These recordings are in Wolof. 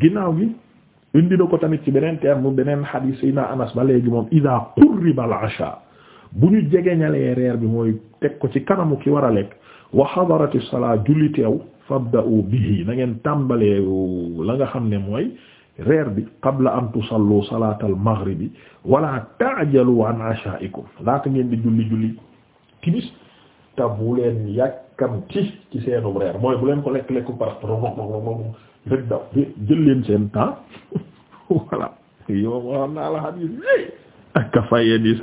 ginnaaw bi indi ko tamit ci beneen terme beneen xadiis Seydina Anas ba léegi moom ida qurriba al-asha bu ñu jegeñalee reer bi mooy teg ko ci kanamu ki war a lekk wa hadarati salaa julli teew fabda'u bihi na ngeen tàmbalee la nga xam ne mooy reer bi qabla an tusallu salaatal maghribi wala ta'jalu an ashaa'ikum laata ngeen di julli julli timis te bu leen yàkkamti ci seenum reer mooy bu leen ko lekk lekk par rek daw jël leen seen temps yow waxoon naa la xadiis bi ak ka faye di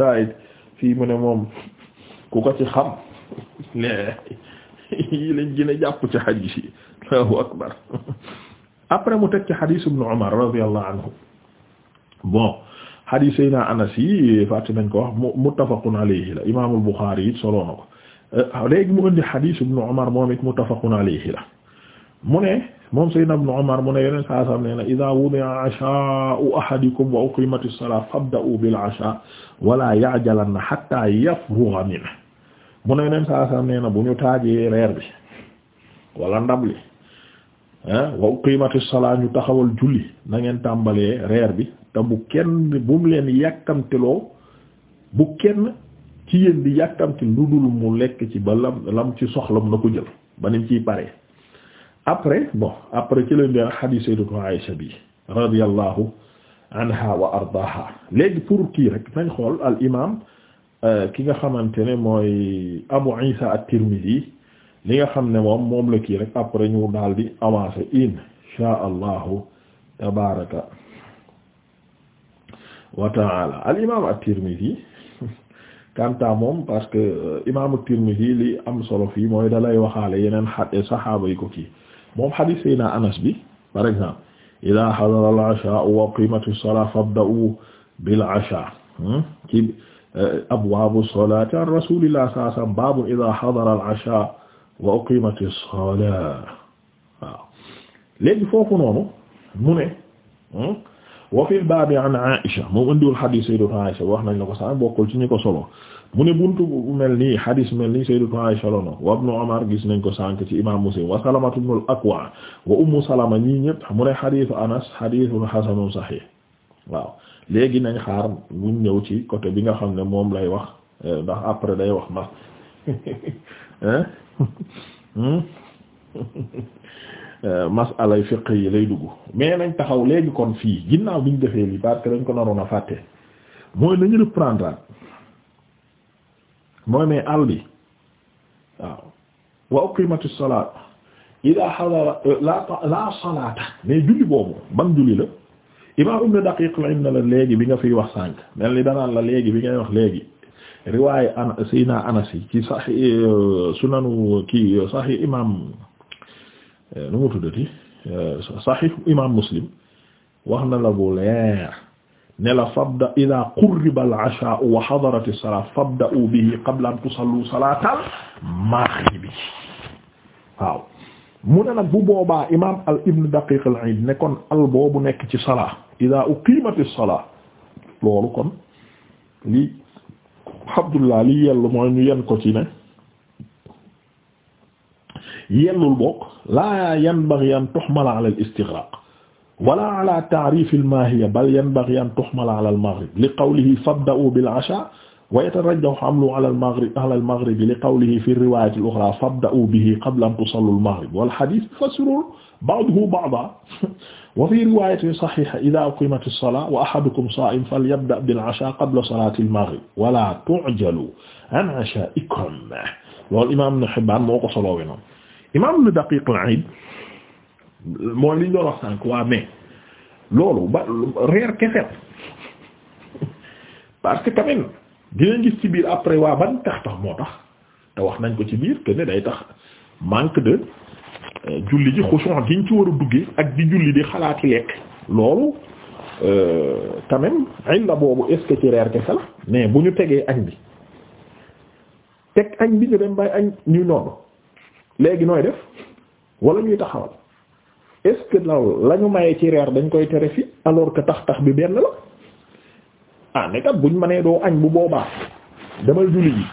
fii mu ne moom ku ko ci xam mais yi lañ gën a jàpp ci xadiis yi akbar après mu teg ci xadiis ibnu Umar radiyallahu anhu bon xadiis Seydina Anas yi fàtte nañ ko wax muttafaqun alayhi la na ko eh, léegi mu indi xadiis ibnu Umar moom it muttafaqun alayhi mu ne moom sayyidna ibn Umar mu ne yeneen saa sam nee na idha wudi'a asha'u ahadikum wa uqimati as-salat fabda'u bil 'asha wala ya'jalanna hatta yafrugha min mu ne yeneen saa sam nee na bu ñu taajee reer bi wala ndab li eh, wa uqimati as-salat ñu taxawal julli na ngeen tàmbalee reer bi te bu kenn bu mu leen yàkkamteloo bu kenn ci yéen di yàkkamti lu dul mu lekk ci ba lam lam ci soxlam na ko jël ba nim ciy pare après bon après ci leen deen hadith sayyidatu Aisha bi radiyallahu anha wa ardaha léegi pour kii rek nañ xool al imaam euh, ki nga xamante ne mooy Abu Isa at-Tirmidhi li nga xam ne moom moom la kii rek après ñu daal di avancer insha allahu tabaraka wa taala al imam at-Tirmidhi kanta moom parce que euh, imam at-Tirmidhi li am solo fii mooy dalay waxaale yeneen xate saxaaba yi ko kii moom hadith sayna Anas bi par exemple ida hadara al-asha wa qimatu as-salat fabda'u bil-asha hmm, ci eh, abwaabu as-salati an rasulillah sallallahu alayhi wa sallam babu ida hadara al-asha wa uqimat as-salat waaw léegi foofu noonu mu ne hmm, wa fil baabi an Aisha moom indiwul xadis sayyidatu Aisha wax nañ la ko sax bokkul ci ñu ko solo mu ne buntu bu mel nii xadis mel nii sayyidatu Aisha la no wa ibnu Umar gis nañ ko sànk ci imam Muslim wa Salamatu ibnul Akwa wa ummu Salama ñii ñëpp mu ne xadisu Anas xadisun xasanun saxiix waaw léegi nañ xaar buñ ñëw ci côté bi nga xam ne moom lay wax eh, ndax après day wax ma eh? hmm? Euh, masalay fiq yi lay dugg mais nañ taxaw léegi kon fii ginnaaw bi ñu defee lii parce que dañ ko naroon a fàtte mooy nañu reprendre mooy mais àll bi waaw wa uqimatu salaat ida hadara euh, la salaata mais julli boobu ban julli la imam ibn daqiq lañ na la léegi bi nga fiy wax sànq mel ni danaan la léegi bi ngay wax léegi riwaaya an sayna anas yi ci sahih euh, sunanu kii sahih imam Euh, nu mu tuddati euh, saxiix imaam muslim wax na la bu leer la fabda ida qurriba al asha wa hadarat as-salat fabda'u bihi qabla an tusallu salatal maghribi waaw mu ne nag bu boobaa imaam al ibn daqiq al iid kon al boobu nekk ci salaa ida uqimat as-salat loolu kon li Abdullah li yellu mooy ñu yellul bokk laa yanbaghi an tuhmala ala al istighraq wala ala ta'rif al mahiya bal yanbaghi an tuhmala ala al maghrib li qawlihi fabda'u bil 'asha wa yatarajjahu 'amaluhu ala al maghrib ala al maghrib li qawlihi fi riwayat al ukhra fabda'u bihi qabla an tusallu al maghrib wal hadith yufassiru ba'duhu ba'dan wa fi riwayatin sahiha idha uqimat as-salah wa ahadukum sa'im falyabda' bil 'asha qabla salati al maghrib wala tu'jalu an 'asha'ikum loolu imaam Ibn Hibbaan moo ko solo noonu imaam Ibn Daqiq al-Iid wax sànq waa mais loolu ba reer kese parce que quand dinañ gis ci biir après waa ban tax tax moo tax te wax nañ ko ci biir que day tax manque de euh, julli ji xushuu giñ ci war a duggee ak di julli di xalaati lekk loolu tamit euh, même illa boobu est ci reer kese mais bu ñu tegee añ bi teg añ bi ñu dem bay añ ñu noonu. léegi nooy def walla ñuy taxawal est-ce que loolu la ñu mayee ci reer dañ koy tere fi alors que tax tax bi benn la ah ne kat buñ mënee doo añ bu boobaa demal julli ji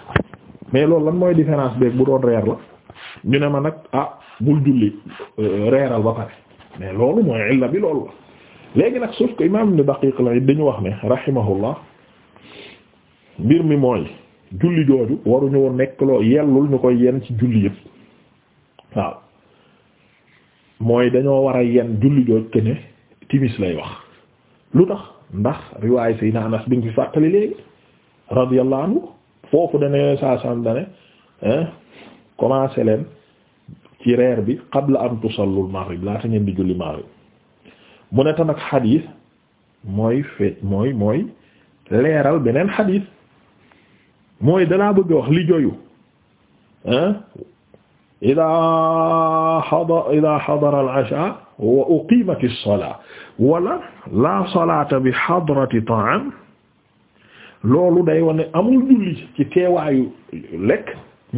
mais loolu lan mooy différence beeg bu doon reer la ñu ne ma nag ah bul julli euh, reeral ba pare mais loolu mooy illa bi loolu la léegi nag sauf que imam ibn Daqiq al-Iid dañu wax ne rahimahullah mbir mi mooy julli jooju waruñu woon nekk loo yellul ñu koy yenn ci julli yëpp. waaw mooy dañoo war a yen julli jooj ke ne timis lay wax lu tax ndax riwaay sayna Anas bi nga fi fàttali léegi radiyallahu foofu dana yooyu saa saam dane commencé leen ci reer bi qabla an tusallul maghrib laata ngeen di julli maghrib mu ne tam ak xadiis mooy feet mooy mooy leeral beneen xadiis mooy dalaa bëgg a wax li joyu idaa xada idaa xadara al-ashaa wa uqiimati as-salaa wala laa salaata bi xadrati ta'aam loolu day wane amul julli ci teewaayu lekk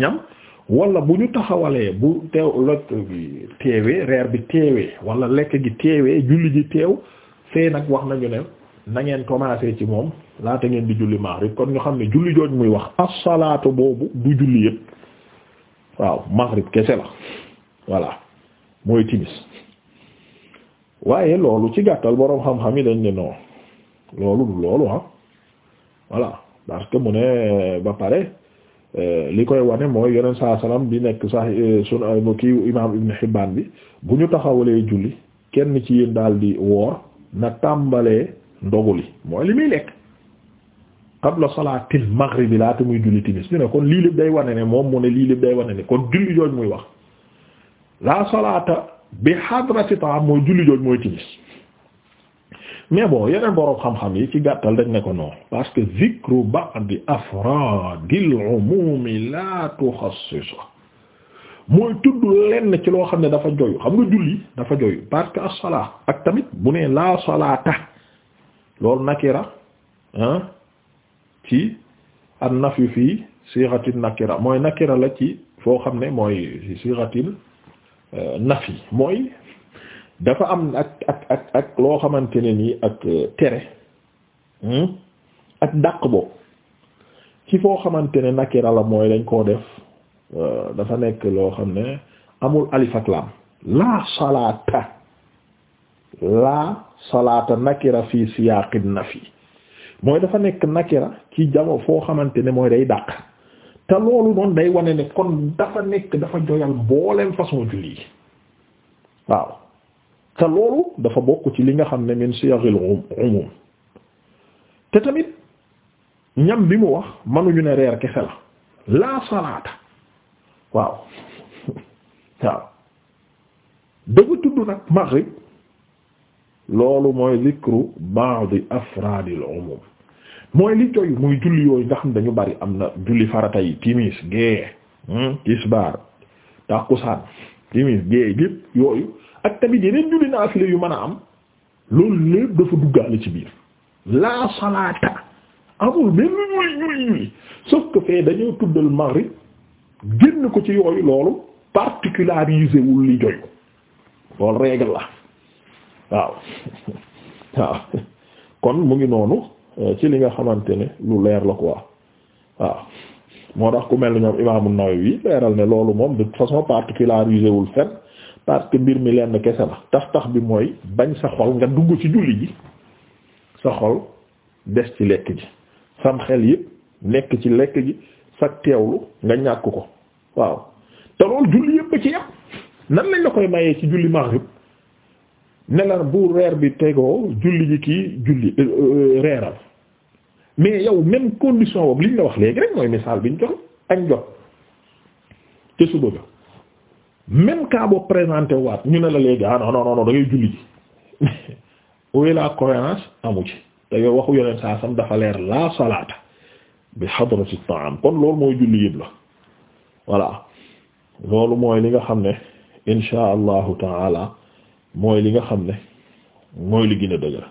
ñam wala bu ñu taxawalee bu teew lekk gi teewee reer bi teewee wala lekk gi teewee julli gi teew fee nag wax nañu ne na ngeen commencé ci moom laata ngeen di julli maghrib kon ñu xam ne julli jooj muy wax as-salaatu boobu du julli yépp waaw maghrib kese la voilà mooy timis waaye loolu ci gàttal boroom xam-xam yi dañ ni non loolu du loolu ah voilà parce que mu ne euh, ba pare euh, li koy wane mooy yeneen saa salaam bi nekk sax euh, sunu kii imaam Ibn Hibbaan bi bu ñu taxawalee julli kenn ci yéen daal di woor na tàmbalee ndogu mooy li muy lekk qabla salaatil maghrib laata muy julli timis ñu ne kon lii lépp day wane ne moom mu ne lii lépp day wane ne kon julli jooj muy wax laa salaata bi hadrati ta'am mooy julli jooj mooy timis mais bon yeneen boroom xam-xam yi ci gàttal dañ ne ko non parce que zikru ba'di afraadil umumi la tuxassisu mooy tudd lenn ci loo xam ne dafa joyu xam nga julli dafa joyu parce que as-salaa ak tamit bu ne la salaata loolu nakira ci an nafyu fii siixatin nakira mooy nakira la ci foo xam ne mooy siixatin euh, nafi mooy dafa am ak ak ak loo xamante ne nii ak euh, tere hmm, ak dàq bo ci foo xamante ne nakira la mooy dañ koo def euh, dafa nekk loo xam ne amul alif ak laam laa salaata laa salaata nakira fii siyaaqin nafi mooy dafa nekk nakira ci jamo foo xamante ne mooy day dàq te loolu noonu day wane ne kon dafa nekk dafa joyal mbooleem façon julli yi waaw te loolu dafa bokk ci li nga xam ne min siyaghil um-, umum te tamit ñam bi mu wax mënuñu ne reer kese la laa salaata waaw waaw dafa tudd nag maghrib loolu mooy zikru ba'd afraadil umum mooy li joy muy julli yooyu nga xam dañu bari am na julli farata yi timis gée hmm, tisbaar tàkkusaan timis gée lépp yooyu ak tamit yeneen julli naafile yu man a am loolu lépp dafa duggaale ci biir laa salaata amul benn ñuy ñuy ñuy sauf que fee dañoo tuddal maghrib génn ko ci yooyu loolu particularisé li joy loolu règle la waaw waaw kon mu ngi noonu euh, ci li nga xamante ne lu leer la ko waaw moo tax ku mel ni ñoom imaamu Nawawi leeral ne loolu moom de toute façon particularisé wul fen parce que mbir mi lenn kese la tax tax bi mooy bañ sa xol nga dugg ci julli ji sa xol des ci lekk ji sam xel yëpp nekk ci lekk ji sa teewlu nga ñàkk ko waaw te loolu julli yëpp ci yam nan lañ la koy mayee ci julli maghrib ne la bu reer bi tegoo julli ji kii julli euh, euh, reeral mais yow même condition boobu li ñu la wax léegi rek mooy misaal bi ñu joxe añ jot te suba ga même cas boo waat ñu ne la léegi ah non non non da ngay julli ji wéy la te waxu yoneen saa sam dafa leer la salaata bi hadrati ta'am kon loolu mooy julli yëpp la voilà loolu mooy li nga xam ne insha allahu taala mooy li nga xam ne mooy li gën a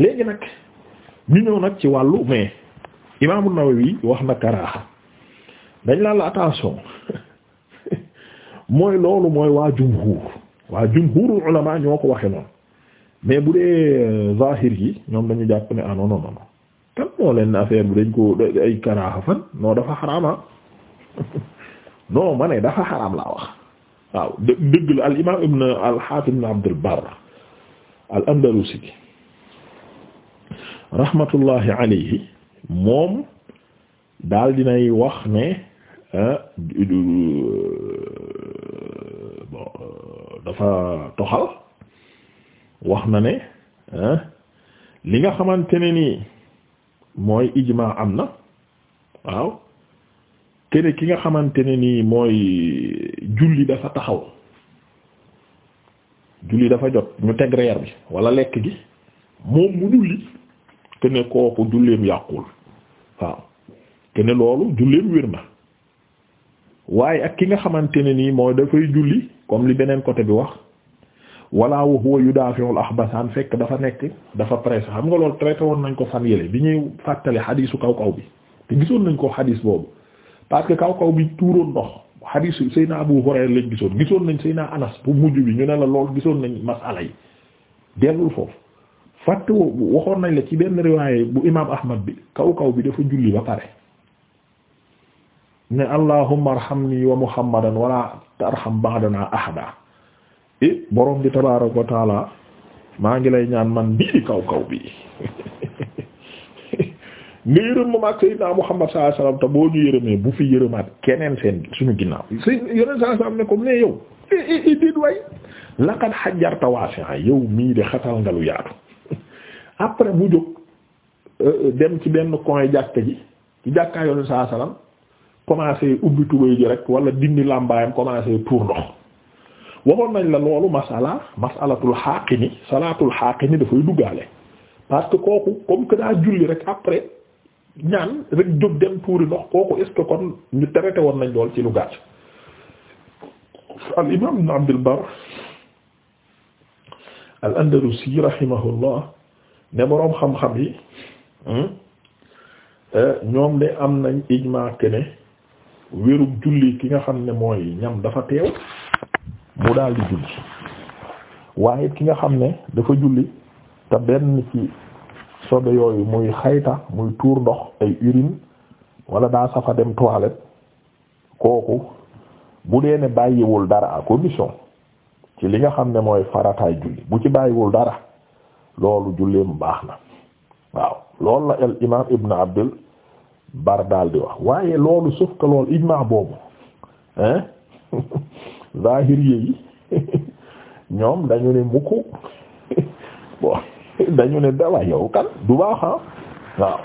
léegi nag ñu ñëw nag ci wàllu mais imaamu Nawawi wax na karaaxa dañ laa la attention mooy loolu mooy waa jumhuur waa jumhuurul ulamaa ñoo ko waxe noonu mais bu dee euh, zahir yi ñoom dañu jàpp ne ah non non kan moo leen ne affaire bi dañ ko ay karaaxa fan non dafa xaraama ah. non ma ne dafa xaraam laa wax waaw dë dëgg la al imaam ibn al haafiz ibn abdul barr al andalusi rahmatullahi alayhi moom daal dinay wax ne ah, euh, bon euh, dafa toxal wax na ne ah, li nga xamante ne nii mooy ijmaa am na waaw kene ki nga xamante ne nii mooy julli dafa taxaw julli dafa jot ñu teg reer bi wala lekk gi moom mu julli te kooku julleem yàqul waaw te ne loolu julleem wér na waaye ak ki nga xamante ne nii mooy dafay julli comme li beneen côté bi wax walla wala wa huwa yudafi'ul ahbasan fekk dafa nekk dafa pressé xam nga loolu traité woon nañ ko fan yële bi ñuy fàttali xadiisu kaw kaw bi te gisoon nañ ko xadiis boobu parce que kaw kaw bi tuuroon ndox hadis Seydina Abu Hurayra lañ gisoon gisoon nañ Seydina Anas bu mujj bi ñu ne la lool gisoon nañ masala yi dellul foofu fàtte waxoon nañ la ci benn riwaaye bu imaam Ahmad bi kaw kaw bi dafa julli ba pare ne allahumma arhamni wa muhammadan wala tarham ba'dana ahada i e borom bi tabaaraka wa taala maa ngi lay ñaan man bii di kaw kaw bi nga yërëm moom ak Seydina Muhammad sallallahu alayhi wasallam te boo ñu yërëmee bu fi yërëmaat keneen seen suñu am ne comme ne yow déet waay laqad hajjarta wasi'a yow mii mu jóg euh, euh, dem ci benn coin jàkka ji ci jàkkaa saa salaam commencé rek wala dindi làmbaayam commencé tuur ndox la loolu masala masalatul xaaqini salaatul xaaqini dafay duggaale parce kooku comme que julli rek après. ñaan rek jóg dem tuuri ndox kooku est kon ñu traité woon nañ lool ci lu gàtt al imam ibn Abdul Barr al andalusi rahimahullah ne boroom xam-xam yi hmm, eh, ñoom de am nañ ijmaa ke ne wérug julli ki nga xam ne mooy ñam dafa teew mu daal di julli waaye ki nga xam ne dafa julli te benn ci sobe yooyu muy xayta muy tuur ndox ay urine wala daa safa dem toilette kooku bu dee ne bàyyiwul dara à condition ci li nga xam ne mooy farataay julli bu ci bàyyiwul dara loolu mu baax na waaw loolu la el imaam ibn abdul bar daal di wax waaye loolu sauf que loolu ijmaa boobu hein zahiri yi ñoom dañu ne mukk bon dañu ne da waay yow kan du baax ah waaw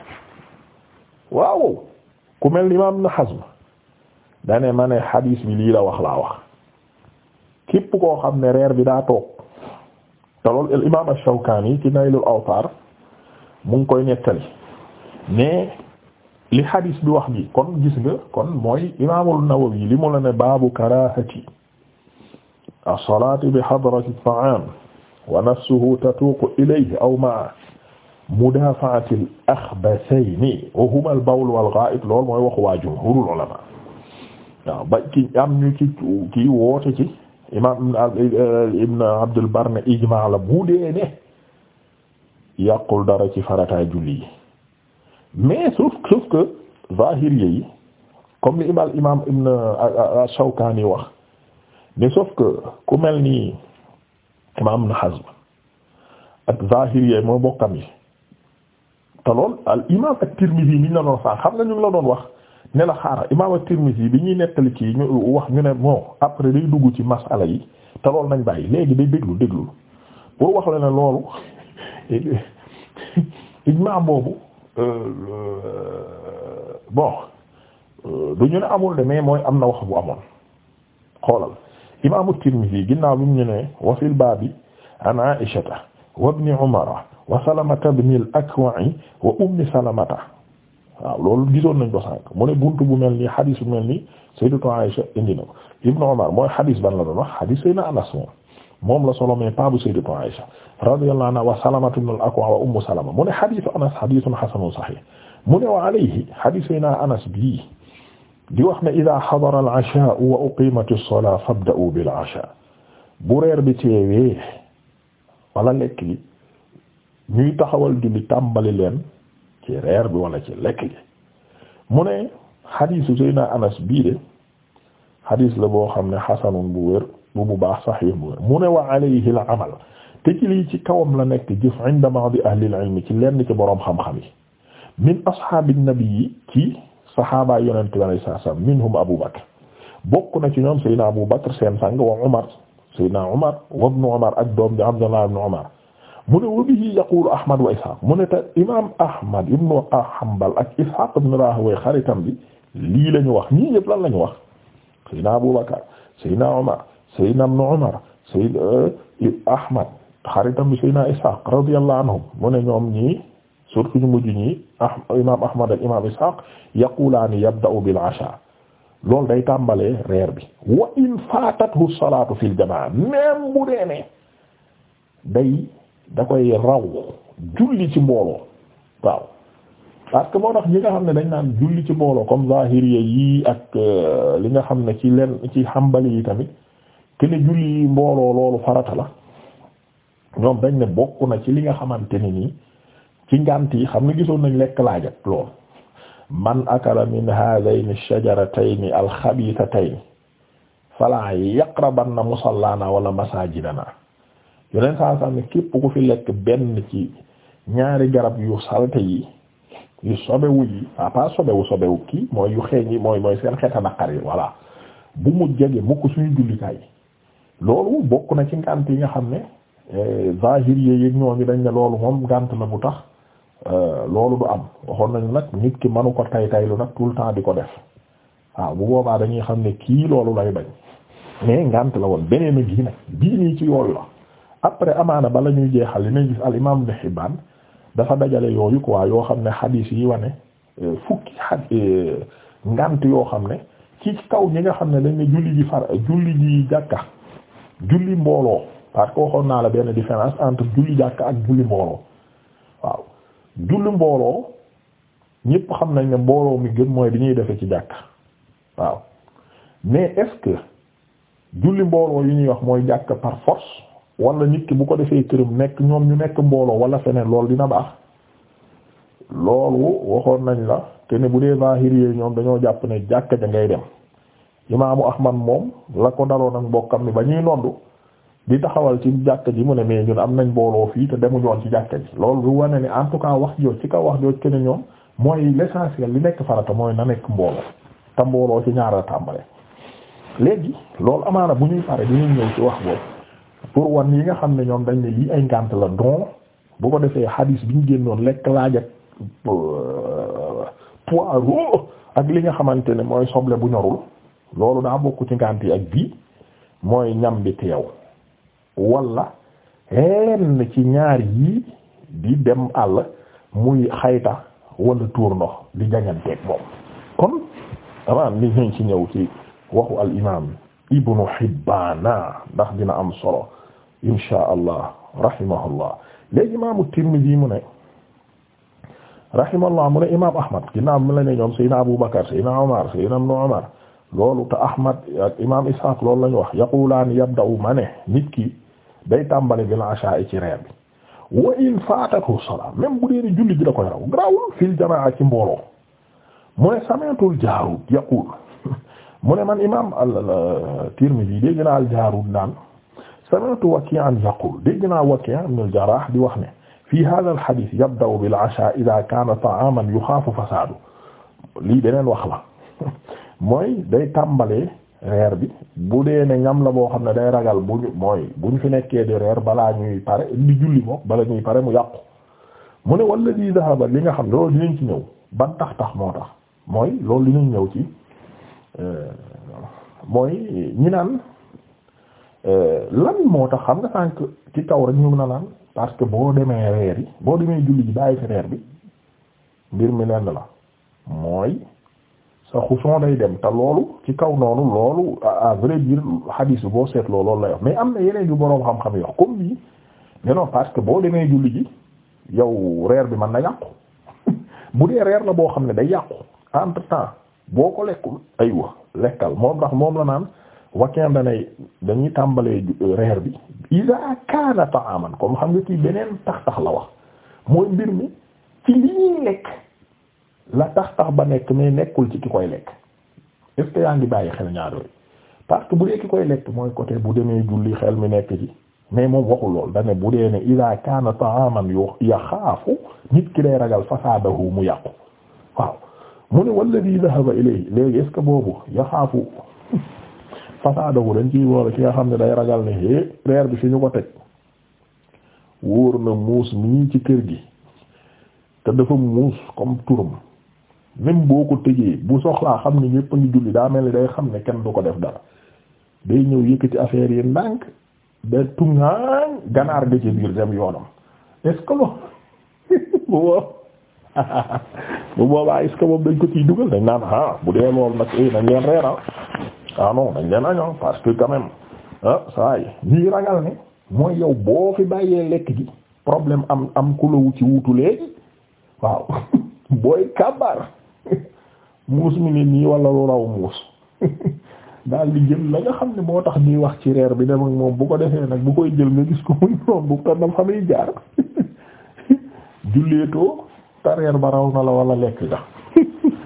waaw ku mel ni imaam na Hazm dane ma ne xadiis bi lii la wax laa wax képp koo xam ne reer bi daa toog te al imaam ash-Shawkaani ci Naylul Awtaar mu ngi koy nettali mais li xadiis bi wax bi kon gis nga kon mooy imaamul Nawawi li mu la ne baabu karaahati as-salaati bi hadrati at-ta'aam wa nafsuhu tatuuqu ilayhi aw ma'a mudaafa'ati al-akhbathayni wa huma al-bawl wal-ghaa'it loolu mooy waxu waa jumhuurul ulamaa waaw ba ci am ñu ci kii woote ci imaam Ibn Abdul Barr ne ijmaa la bu dee ne yàqul dara ci farataay julli yi mais sauf sauf que zahiri yi comme li imaam Ibn Shawkaani wax mais sauf que ku mel nii. imaam Ibn Hazm ak Zahiriyya moo bokkam yi te lool al imaam at-Tirmidhi ñu la doon sax xam nga ñu ngi la doon wax ne la xaaral imaam at-Tirmidhi bi ñuy nettali kii ñu wax ñu ne bon après day dugg ci masala yi te loolu nañ bàyyi léegi day déglu déglu pour wax la ne loolu ijmaa boobu euh, euh, bon euh, du ñu ne amul de mais mooy am na wax bu amoon xoolal. imaamu Tirmidhi ginnaaw bi mu ñu ne wa fil baabi an Aishata wa ibni Umara wa Salamata ibni al-Akwa'i wa ummi Salamata waaw loolu gisoon nañ ko sànq mu ne buntu bu mel nii xadis bu mel nii sayyidatu Aisha indi na ko ibnu Umar mooy xadis ban la doon wax xadis Sayyidina Anas moom moom la solo mais pas bu sayyidatu Aisha radiyallahu anha wa Salamata ibni al-Akwa wa ummu Salama mu ne xadisu Anas xadisun xasanun sahih mu ne wa alayhi xadis Sayyidina Anas bii di wax ne ida xadara al-ashaa wa uqimat as-salaa fabda'u bil-ashaa bu reer bi teewee wala lekk li ñuy taxawal julli tàmbali leen ci reer bi wala ci lekk li mu ne xadiisu Seydina Anas bii de xadiis la boo xam ne xasanun bu wér bu bu baax saxiix bu wér mu ne wa alayhi al-amal te ci lii ci kawam la nekk jëf inda ba'di ahli al-ilm ci lenn ci boroom xam-xam min ashaabi nabi yi saxaabaay yonent bi alayhi salaam minhum Abu Bakr bokk na ci ñoom Seydina Abu Bakr seen sang wa Umar Seydina Umar wa ibnu Umar ak doom bi Abdullah ibnu Umar mu ne wa bihi yaqulu Ahmad wa Ishaq mu ne te imaam Ahmad ibnu Hanbal ak Ishaq ibnu Rahawayh xaritam bi lii la ñu wax ñii ñëpp lan la ñu wax Seydina Abu Bakr Seydina Umar Seydina ibnu Umar Seydina euh, Ahmad xaritam bi Seydina Ishaq radiyallahu anhum mu ne ñoom ñii surtout ñu mujj ñi ah imaam Ahmad ak imaam Ishaq yaqulaani yabda'u bil asha loolu day tàmbalee reer bi wa in faatathu salaatu fil jamaa même bu dee day da koy raw julli ci mbooloo waaw parce que moo tax ñi nga xam ne dañ naan julli ci mbooloo comme zahiriya yi ak euh, li nga xam ne ci leen ci xambali yi tamit ke julli mbooloo loolu farata la ñoom dañ ne bokk na ci li nga xamante ni nii ci ngànt yi xam nga gisoon nañ lekk laajat lool man akala min hadayni shajaratayni alxabiitatayni fala yaqrabanna musallana wala masajidana yoneen saa saa ne képp ku fi lekk benn ci ñaari garab yu salte yi yu sobewu yi à ah, sobewu sobewu kii mooy yu xeeñ yi mooy mooy seen xeta naqar yi voilà bu mu jege mukk suñu jullikaay loolu bokk na ci ngànt yi nga xam ne eh, zahir ñoo ñooñu dañ ne loolu moom ngànt la bu tax Euh, loolu du am waxoon nañu nag nit ki manu ko tay taylu nag tout le temps di ko def waaw bu boobaa dañuy xam ne kii loolu lay bañ mais ngant la woon beneen a gi nag bii nii ci yoolu la après amaana bala ñuy jeexal li nañ gis al imam Ibn Hibbaan dafa dajale yooyu quoi yoo xam ne xadiis yi wane euh, fukki xad euh, ngant yoo xam ne ci kaw ñi nga xam ne dañ ne julli ji far julli ji jàkka julli mbooloo parce que waxoon naa la benn différence entre julli jàkka ak julli mbooloo julli mbooloo ñépp xam nañ ne mbooloo mi gën mooy bi ñuy defe ci jàkk waaw mais est-ce que julli mbooloo yi ñuy wax mooy jàkk par force wala nit ki bu ko defee këram nekk ñoom ñu nekk mbooloo wala feneen loolu dina baax loolu waxoon nañ la te ne bu dee zahiriyee ñoom dañoo jàpp ne jàkk ja ngay dem imaamu Ahmad moom la ko daloon ak mbokkam mi ba ñuy noddu di taxawal ci jàkka ji mu ne mais ñun am nañ mbooloo fii te demuñu woon ci jàkka ji loolu wane ni en tout cas wax jooj ci kaw wax jooj kenn ñoom mooy l'essentiel li nekk farata mooy na nekk mbooloo te mbooloo ci ñaar a tàmbale léegi loolu amaana bu ñuy pare dinañ ñëw ci wax boobu pour wan yi nga xam ne ñoom dañ ne lii ay ngànt la don bu ko defee xadiis bi ñu génnoon lekk laaj ak euh, poireau ak li nga xamante ne mooy soble bu ñorul loolu daa bokk ci ngànt ak bii mooy ñam bi wala lenn ci ñaar yii di dem àll muy xayta wala tuur ndox di jañanteeg moom kon amaan li ñu ci ñëw ci waxu al imam ibnu Hibbaana ndax dina am solo insha allah rahimahullah léegi imaamu Tirmidi mu ne rahimahullah mu ne imaam Ahmad ginnaaw mu la ne ñoom Seydina Abu Bakar Seydina Umar Seydina Ibnu Umar loolu te Ahmad imaam Ishaq loolu lañu wax yaqulaani yabda'u ma ne nit ki day tàmbali bil asha ci reer bi wa in faatatu salaa même bu dee julli ji da koy raw grawul fil jamaa ci mbooloo mu ne sami'tul Jaarud yaqul mu ne man imaam al-Tirmidhi dégg naa al-Jaarud naan sami'tu Waki'an yaqul dégg naa Waki' ibn al-Jarrah di wax ne fii haadha al-hadith yabda'u bil 'ashaa idhaa kaana ta'aaman yukhaafu fasaaduhu lii beneen wax la mooy day tàmbalee reer bi bu dee ne ñam la boo xam ne day ragal bu ñu mooy bu ñu fi nekkee di reer balaa ñuy pare li julli moom bala ñuy pare mu yàqu mu ne wala di dahaba li nga xam ne loolu dinañ ci ñëw ban tax tax moo tax mooy loolu dinañ ñëw ci euh, mooy ñi naan euh, lan moo tax xam nga sànq ci kaw rek ñu na naan parce que boo demee reer yi boo demee julli ji bàyyi fi reer bi mbir mi lenn la mooy. sa xuson day dem te loolu ci kaw noonu loolu à vrai dire hadis bi boo seetloo loolu la wax mais am na yeneen yu boroom xam-xam yi wax comme bii mais non parce que boo demee julli ji yow reer bi man na yàqu bu dee reer la boo xam ne da yàqu entre temps boo ko lekkul aywa lekkal moom ndax moom la naan wakin danay dañuy tàmbalee euh, reer bi iza kaana ta'aman comme xam nga ci beneen tax-tax la wax mooy mbir mi ci li lekk la tax tax ba nekk mais nekkul ci ki koy lekk est yaa ngi bàyyi xel ñaar yooyu parce bu dee ki koy lekk mooy côté bu demee julli xel mi nekk ci mais moom waxul lool da ne bu dee ne ida kaana ta'aman yaxaafu nit ki day ragal fasaadahu mu yàqu waaw mu ne walladi dhahaba ilayhi léegi est-ce que boobu yaxaafu fasaadahu dañ ciy boole ki nga xam ne day ragal ne é eh, reer bi fi ñu ko teg wóor na muus mii ci kër gi te dafa muus comme turam même boo ko tëjee bu soxlaa xam ne ñépp a ngi julli daa mel ni day xam ne kenn du ko def dara day ñëw yëkkati affaire yi ndànk da tuŋaañ ganaar gi ci biir dem yoonam est-ce que moom bu boobaa est-ce dañ ko ciy dugal dañ naan ah bu dee loolu nag dañ eh, leen reeral ah non leen añoo parce que quand même ah saa ñuy ragal ne mooy yow boo fi bàyyee lekk gi problème am am ku ci wutu léegi waaw booy kàbbar muus mi ne nii wala lu raw muus daal di jël la nga xam ne moo tax ñuy wax ci reer bi dem ak moom bu ko defee nag bu koy jël nga gis ko muy moom bu ko dam xamuy jaar julleetoo te reer ba wala lekk nga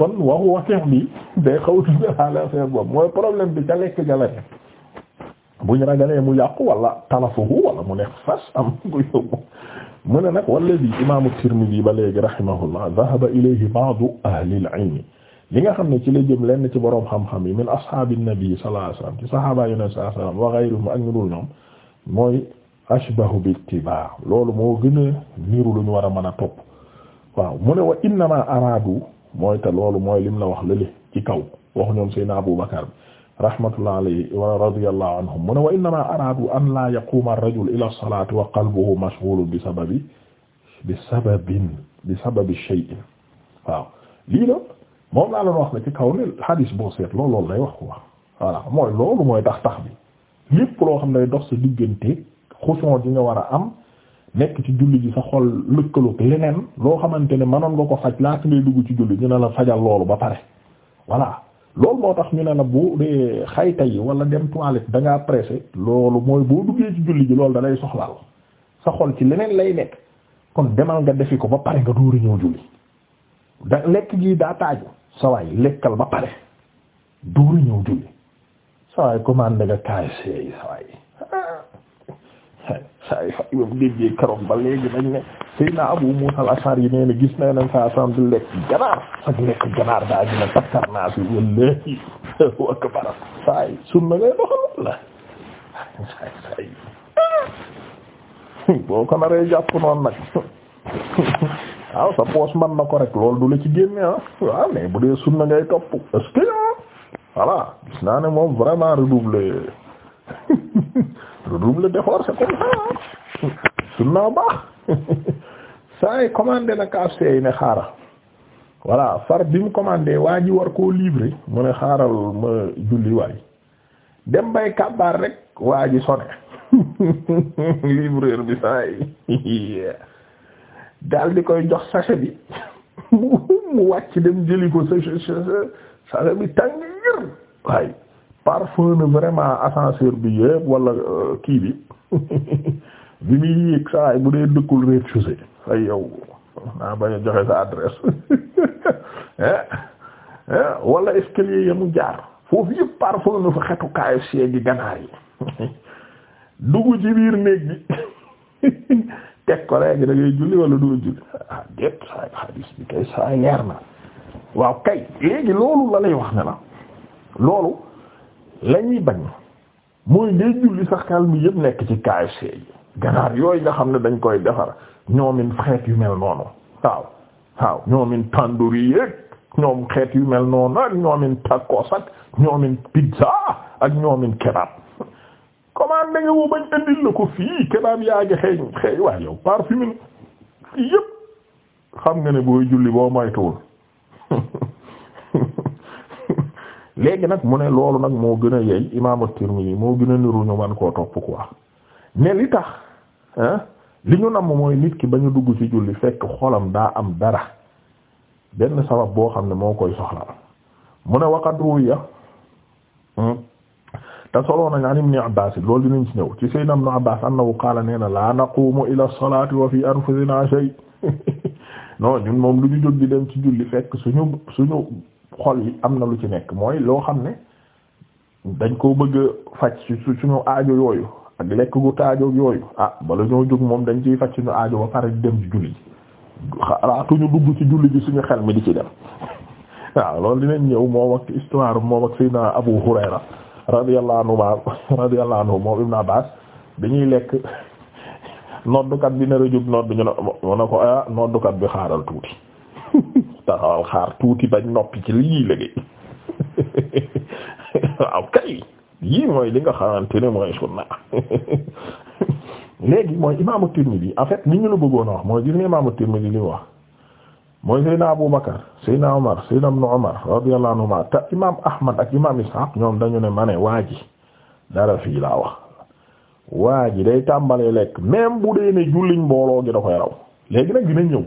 kon waxu wateex bi day xaw dugalaale boobu mooy problème bi ca lekk ga la ragalee mu yàqu wala talafuhu wala mu nekk fas am ko yóbbu mu ne nag walladi imaamu Tirmidi ba léegi rahimahullah dhahaba ilayhi ba'du ahli al-ilm li nga xam ne ci la jëm lenn ci boroom xam-xam yi min ashaabi nabi sallallahu alayhi wasallam ci sahaaba yu ne sallallahu alayhi wasallam wa ghayrihim ak ñu dul ñoom mooy ashbahu bi ittibaa loolu moo gën a niru lu ñu war a mën a topp waaw mu ne wa innama araadu mooy te loolu mooy lim la wax lële ci kaw wax ñoom Seydina Abu Bakar bi rahmatullah alayhi wa radiyallahu anhum mu ne wa innama aradu an la yaquma ar-rajul ila as-salati wa qalbuhu mashghulun bi sababi bi sababin bi sababi shay'in waaw lii la moom laa doon wax ne ci kaw ne boo seet loolu loolu lay wax ko wax voilà mooy loolu mooy tax tax bi lépp loo xam ne dox sa diggante xuson di nga war a am nekk ci julli ji sa xol lëkkaloog leneen loo xamante ne mënoon nga ko faj laata ngay dugg ci julli ñu ne la fajal loolu ba pare voilà loolu moo tax ñu ne la bu dee xayta yi wala dem toilette dangaa ngaa loolu mooy boo duggee ci julli ji loolu da lay soxlaal sa xol ci leneen lay nekk kon demal nga defi ko ba pare nga dóori ñëw julli da lekk gii daa taaju sawaay lekkal ba pare dóori ñëw julli sawaay commande nga KFC e yi sawaay saa yi fay wam déggee keroog ba léegi nañ ne Seydina Abu Musa al-Ash'ari yi nee gis na nañ saa sam di lekk ganaar ak lekk ganaar daa gën takkar naa si wallahi wakk bara saa yi sunna ngay doxal la saa yi saa yi jàpp noonu nag waaw sa poos man na ko rek loolu du la ci génne ah waaw mais bu dee sunna ngay topp est-ce que ah, voilà gis naa ne moom vraiment redoublé redouble le d'effort c'est comme ça sunna baax saa yi commandé na KFC yi ne xaaral voilà far bi mu commandé waa ji war koo livrer mu ne xaaral julli waay dem bay kàbbaar rek waa ji sone livreur bi saa yi daal di koy jox sachet bi mu wàcc dem jëli ko sachet sachet bi ngir waay parfum ne vraiment ascenseur bi yëpp wala euh, kii bi bi muy yéeg saay bu dee dëkkul rez-de-chaussée say naa bañ a joxe sa adresse eh, eh, wala escalier ya mu jaar foofu yëpp parfum ne fa xetu kaayu seegi ganaar yi dugg ci biir néeg bi teg ko léegi da ngay julli wala doo julli ah déet saay xadis bi kay saay leer na waaw kay léegi loolu la lay wax ne la loolu lañuy bañ mooy ngay julli sax xel mi nekk ci KFC yi ganaar yooyu nga xam ne dañ koy defar ñoomin xeet yu mel noonu waaw waaw ñoomin tandoori yéeg ñoom xeet yu mel noonu ak ñoomin tacos ak ñoomin pizza ak ñoomin kebab comment da nga bañ indil la ko fii kebab yaa ngi xeeñ xeeñ waaye yow parfumé yëpp xam nga ne booy julli boo moytuwul léegi nag mu ne loolu nag moo gën a yey imaamu Tirmidhi moo gën a niru ñu man koo topp quoi ne li tax li ñu namm mooy nit ki ba ñu dugg ci julli fekk xolam daa am dara benn sabab boo xam ne moo koy soxla mu ne waqad ruwiya hmm, te soloo nañ an ibn Abbas loolu dinañ ci ñëw ci sayyidina ibn na annahu qaala nee na laa naqumu ila salaati wa fi anfusina shay non ñun moom lu ñu jóg di dem ci julli fekk suñu suñu xol yi am na lu ci nekk mooy loo xam ne dañ koo bëgg a faj su suñu aajo yooyu ak lekk gu taajo yooyu ah bala ñoo jóg moom dañ ci faj suñu aajo ba pare dem ci julli ji xalaatuñu dugg ci julli ji suñu xel mi di ci dem waaw loolu dinañ ñëw moom ak histoire moom ak Seydina Abu Hurayra radiyallahu anhu ma radiyallahu anhu moom Ibn Abbas bi ñuy lekk noddukat bi nar a jóg nodd ñu ne ko ah noddukat bi xaaral tuuti taxawal xaar tuuti bañ noppi ci lii léegi waaw kay yii mooy li nga xamante ne mooy sunna léegi mooy imaamu Tirmidhi en fait li ñu la bëggoon a wax mooy gis nga imaamu Tirmidhi li wax mooy Seydina Abu Bakar Seydina Omar Seydina Ibn Omar radiyallahu anhuma te imaam Ahmad ak imaam Ishaq ñoom dañu ne ma ne waa ji dara fii laa wax waa ji day tàmbalee lekk même bu dee ne julliñ mbooloo gi da koy raw léegi nag dina ñëw.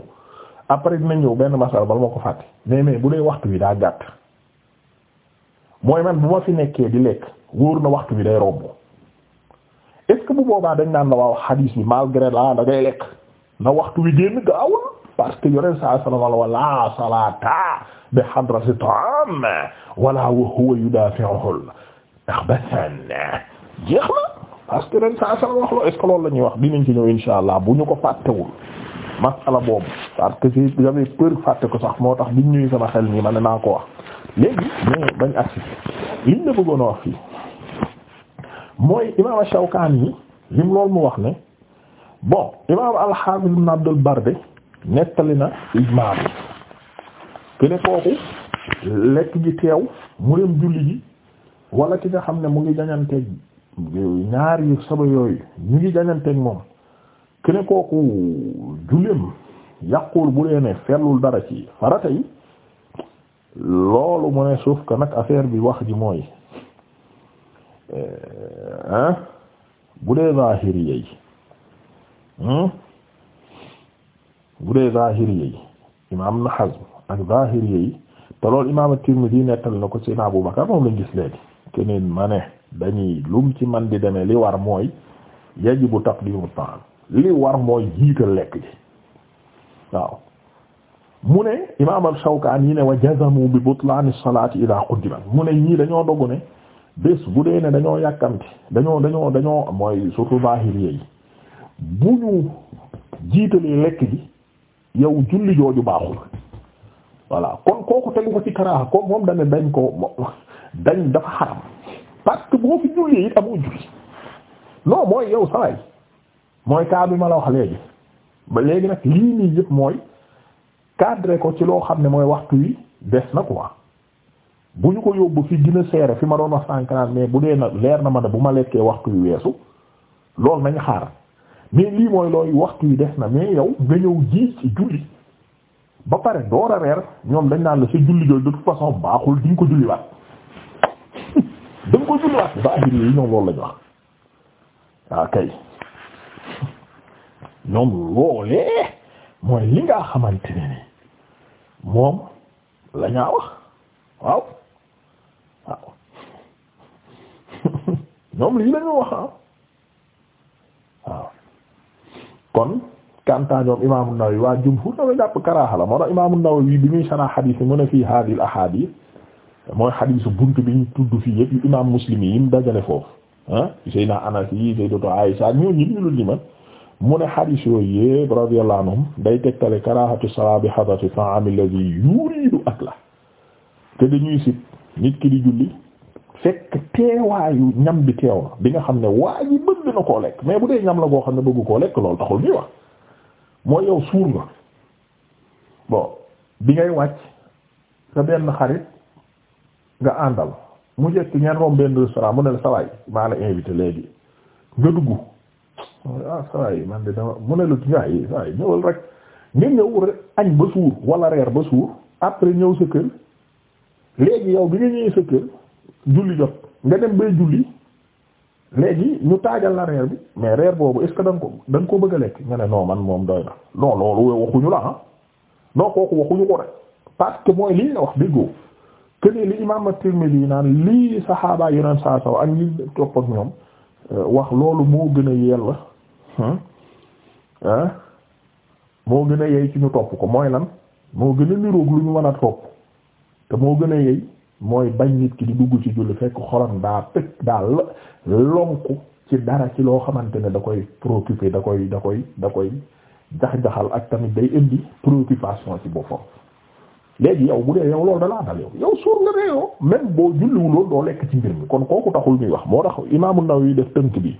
après dina ñëw benn masal bala ma ko fàtte mais mais bu dee waxtu bi daa gàtt mooy man bu ma fi nekkee di lekk wóor na waxtu bi day romb est bu boobaa dañ naan la waaw xadiis bi malgré la dangay lekk na waxtu bi génn gaawul parce que yore saa salaamaaleykum wala salaata bi hadrati ta'am wala wa huwa yudafi'uhu ikhbathan jeex na parce que ren saa salaam wax loo est loolu la ñuy wax dinañ ci ñëw insha allah bu ñu ko fàttewul. masala boobu parce que ko sax moo tax biñ ñuy sama xel nii man naa ko wax léegi mais bañ agsi liñ la bëggoon a wax fii mooy imaam Shawkaani lim loolu mu wax ne bon imaam al-Hafiz ibn Abdul nettali na ijmaa bi ki ne kooku lekk gi teew mu dem julli ji wala ki nga xam ne mu ngi jañanteeg ñaar yu saba yooyu ñu ngi jañanteeg moom ki ne kooku julleem yàqul bu dee ne fellul dara ci farata yi loolu mu ne suuf que nag affaire bi wax ji mooy eh, hein bu dee zahiriya yi hmm, bu imaam na Hazm ak zahiriya yi te loolu imaam at-Tirmidhi nettal na ko seen Abu Bakar moom lañ gis léegi keneen ma ne dañuy lum ci man di demee li war mooy yajibu taqdimu ta'am li war mooy jiital lekk ji waaw mu ne imaam al-Shawkaani ne wa jazamu bi butlaani salaati idaa quddimat mu ne ñii dañoo dogu ne bés bu dee ne dañoo yàkkamti dañoo dañoo dañoo mooy surtout zaahiriya yi bu ñu jiitalee lekk ji yow julli jooju baaxul voilà kon kooku tegu ko ci karaaxa ko moom dañ dañ ko dañ dafa xaram parce boo fi julli it amoo julli non mooy yow saway mooy cas bi ma la wax léegi ba léegi nag lii nii yëpp mooy cadré ko ci loo xam ne mooy waxtu yi des na quoi bu ñu ko yóbbu fi gën a seere fi ma doon wax sànqnaat mais bu dee na leer na ma ne bu ma lekkee waxtu yu weesu loolu nañ xaar mais lii mooy looy waxtu yi des na mais yow nga ñëw ji ci julli ba pare door a reer ñoom dañ naan la sa julli jooju de toute façon baaxul di nga ko julliwaat da nga ko julliwaat ba ahir yi ñoom loolu lañu wax waaw ah, kay ñoom loolee mooy li nga xamante ne ni moom la ñaa wax waaw waaw ñoom lii la wax ah waaw kon kanta ñoom imam an waa jumhur dafa jàpp karaaxa la moo tax imam an-Nawawi bi ñuy sanaa xadiis yi mu ne fii hadil ahadith mooy xadiisu bunt bi ñu tudd fii yëpp yu imam Muslim yi yim dajale foofu ah Seydina Anas yi Sayyidatu Aisha ñoo ñit ñu lu liman mu ne xadiis yooyu yëpp radiyallahu anhum day tegtale karaahatu salaa bi hadati ta'am alladhi yuridu akla te dañuy sit nit ki di julli fekk teewaayu ñam bi teew na bi nga xam ne waa ji bëgg na koo lekk mais bu dee ñam la boo xam ne bëgg koo lekk loolu taxul ñuy wax mooy yow suur nga bon bi ngay wàcc sa benn xarit nga àndal mu jekk ñeen moom benn restaurant mu ne la sawaay maa la invité léegi nga dugg ah saa yi man de dama la saa yi saa yi ñëwal rek nga ñëw añ ba suur wala reer ba suur après ñëw sa kër léegi yow bi nga ñëwee sa kër julli jot nga dem bay julli léegi ñu taajal la reer bi mais reer boobu est-ce que ko da nga ko bëgg a lekk nga ne non man moom doy na non loolu waxuñu la ah non kooku waxuñu ko rek parce mooy liñ la wax déggoo que li imam at-Tirmidhi naan lii saxaaba yu naan saa saw ak ñi topp ñoom euh, wax loolu moo gën a yell ah moo gën a yey ci ñu topp ko mooy lan moo gën a niroog lu ñu mën a topp te moo gën a yey mooy bañ nit ki di dugg ci julli fekk xolam daa pëj daa lonku ci dara ci loo xamante ne da koy préoccupé da koy da koy da koy jax-jaxal ak tamit day indi préoccupation ci boppam léegi yow bu dee yow loolu dalaa dal yow yow suur nga ne yow même boo julliwuloon doo lekk ci mbir mi kon kooku taxul ñuy wax moo tax Imaamu Nawawi def tënk bi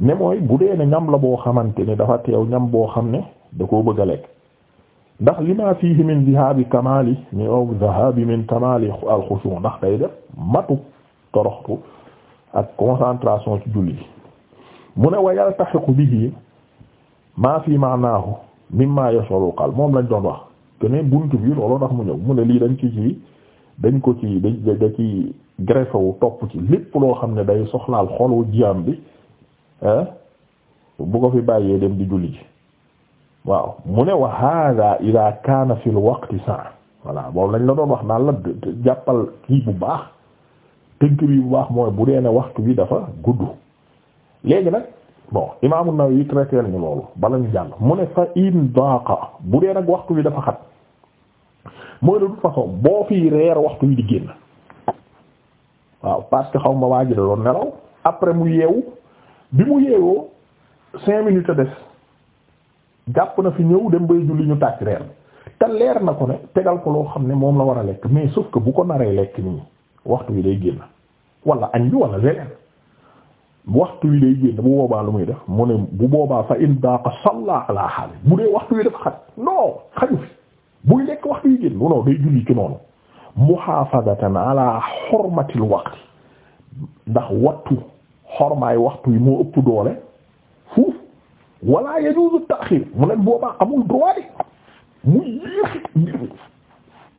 ne mooy bu dee ne ñam la boo xamante ne dafa teew ñam boo xam ne da ko bëgg a lekk ndax li ma fiihi min dhahaabi kamaali mi aw dhahaabi min kamaali alxusuu ndax day def matu toroxtu ak concentration ci julli bi mu ne wa yaltaxiqu bihi maa fi maanaahu mimma yashghalu qalb moom lañ doon wax te ne buntu bi looloo tax mu ñëw mu ne lii dañ ci ci dañ ko ci da da ci greffé wu topp ci lépp loo xam ne day soxlaal xolu jaam bi bu ko fi bàyyee dem di julli ji waaw mu ne wax hada ida kaana fi l waqti saa voilà boobu lañ la doon wax naan la jàppal kii bu baax tënk bi bu baax mooy bu dee ne waxtu bi dafa gudd léegi nag bon imaamu Nawawi traité ñu loolu bala ñu jàll mu ne fa in daqa bu dee nag waxtu wi dafa xat mooy de toute façon boo fi reer waxtu bi di génn waaw parce xaw ma waa ji da doon nelaw après mu yeewu bi mu yeewoo cinq minutes a des jàpp na fi ñëw dem ba julli ñu tàcc reer te leer na ko ne tegal ko loo xam ne moom la war a lekk mais sauf que bu ko naree lekk nii waxtu wi day génn wala añ wala leneen waxtu wi day génn bu boobaa lu muy def mu ne bu boobaa fa in daqa salla ala xaali bu dee waxtu wi dafa xaj non xaju fi buy lekk waxtu wi génn non day julli ci noonu muhaafazatan ala xormatil waqti ndax wattu xormaay waxtu yi moo ëpp doole fuuf wala yajuzu ta'khir mu ne boobaa amul droit de mu yéex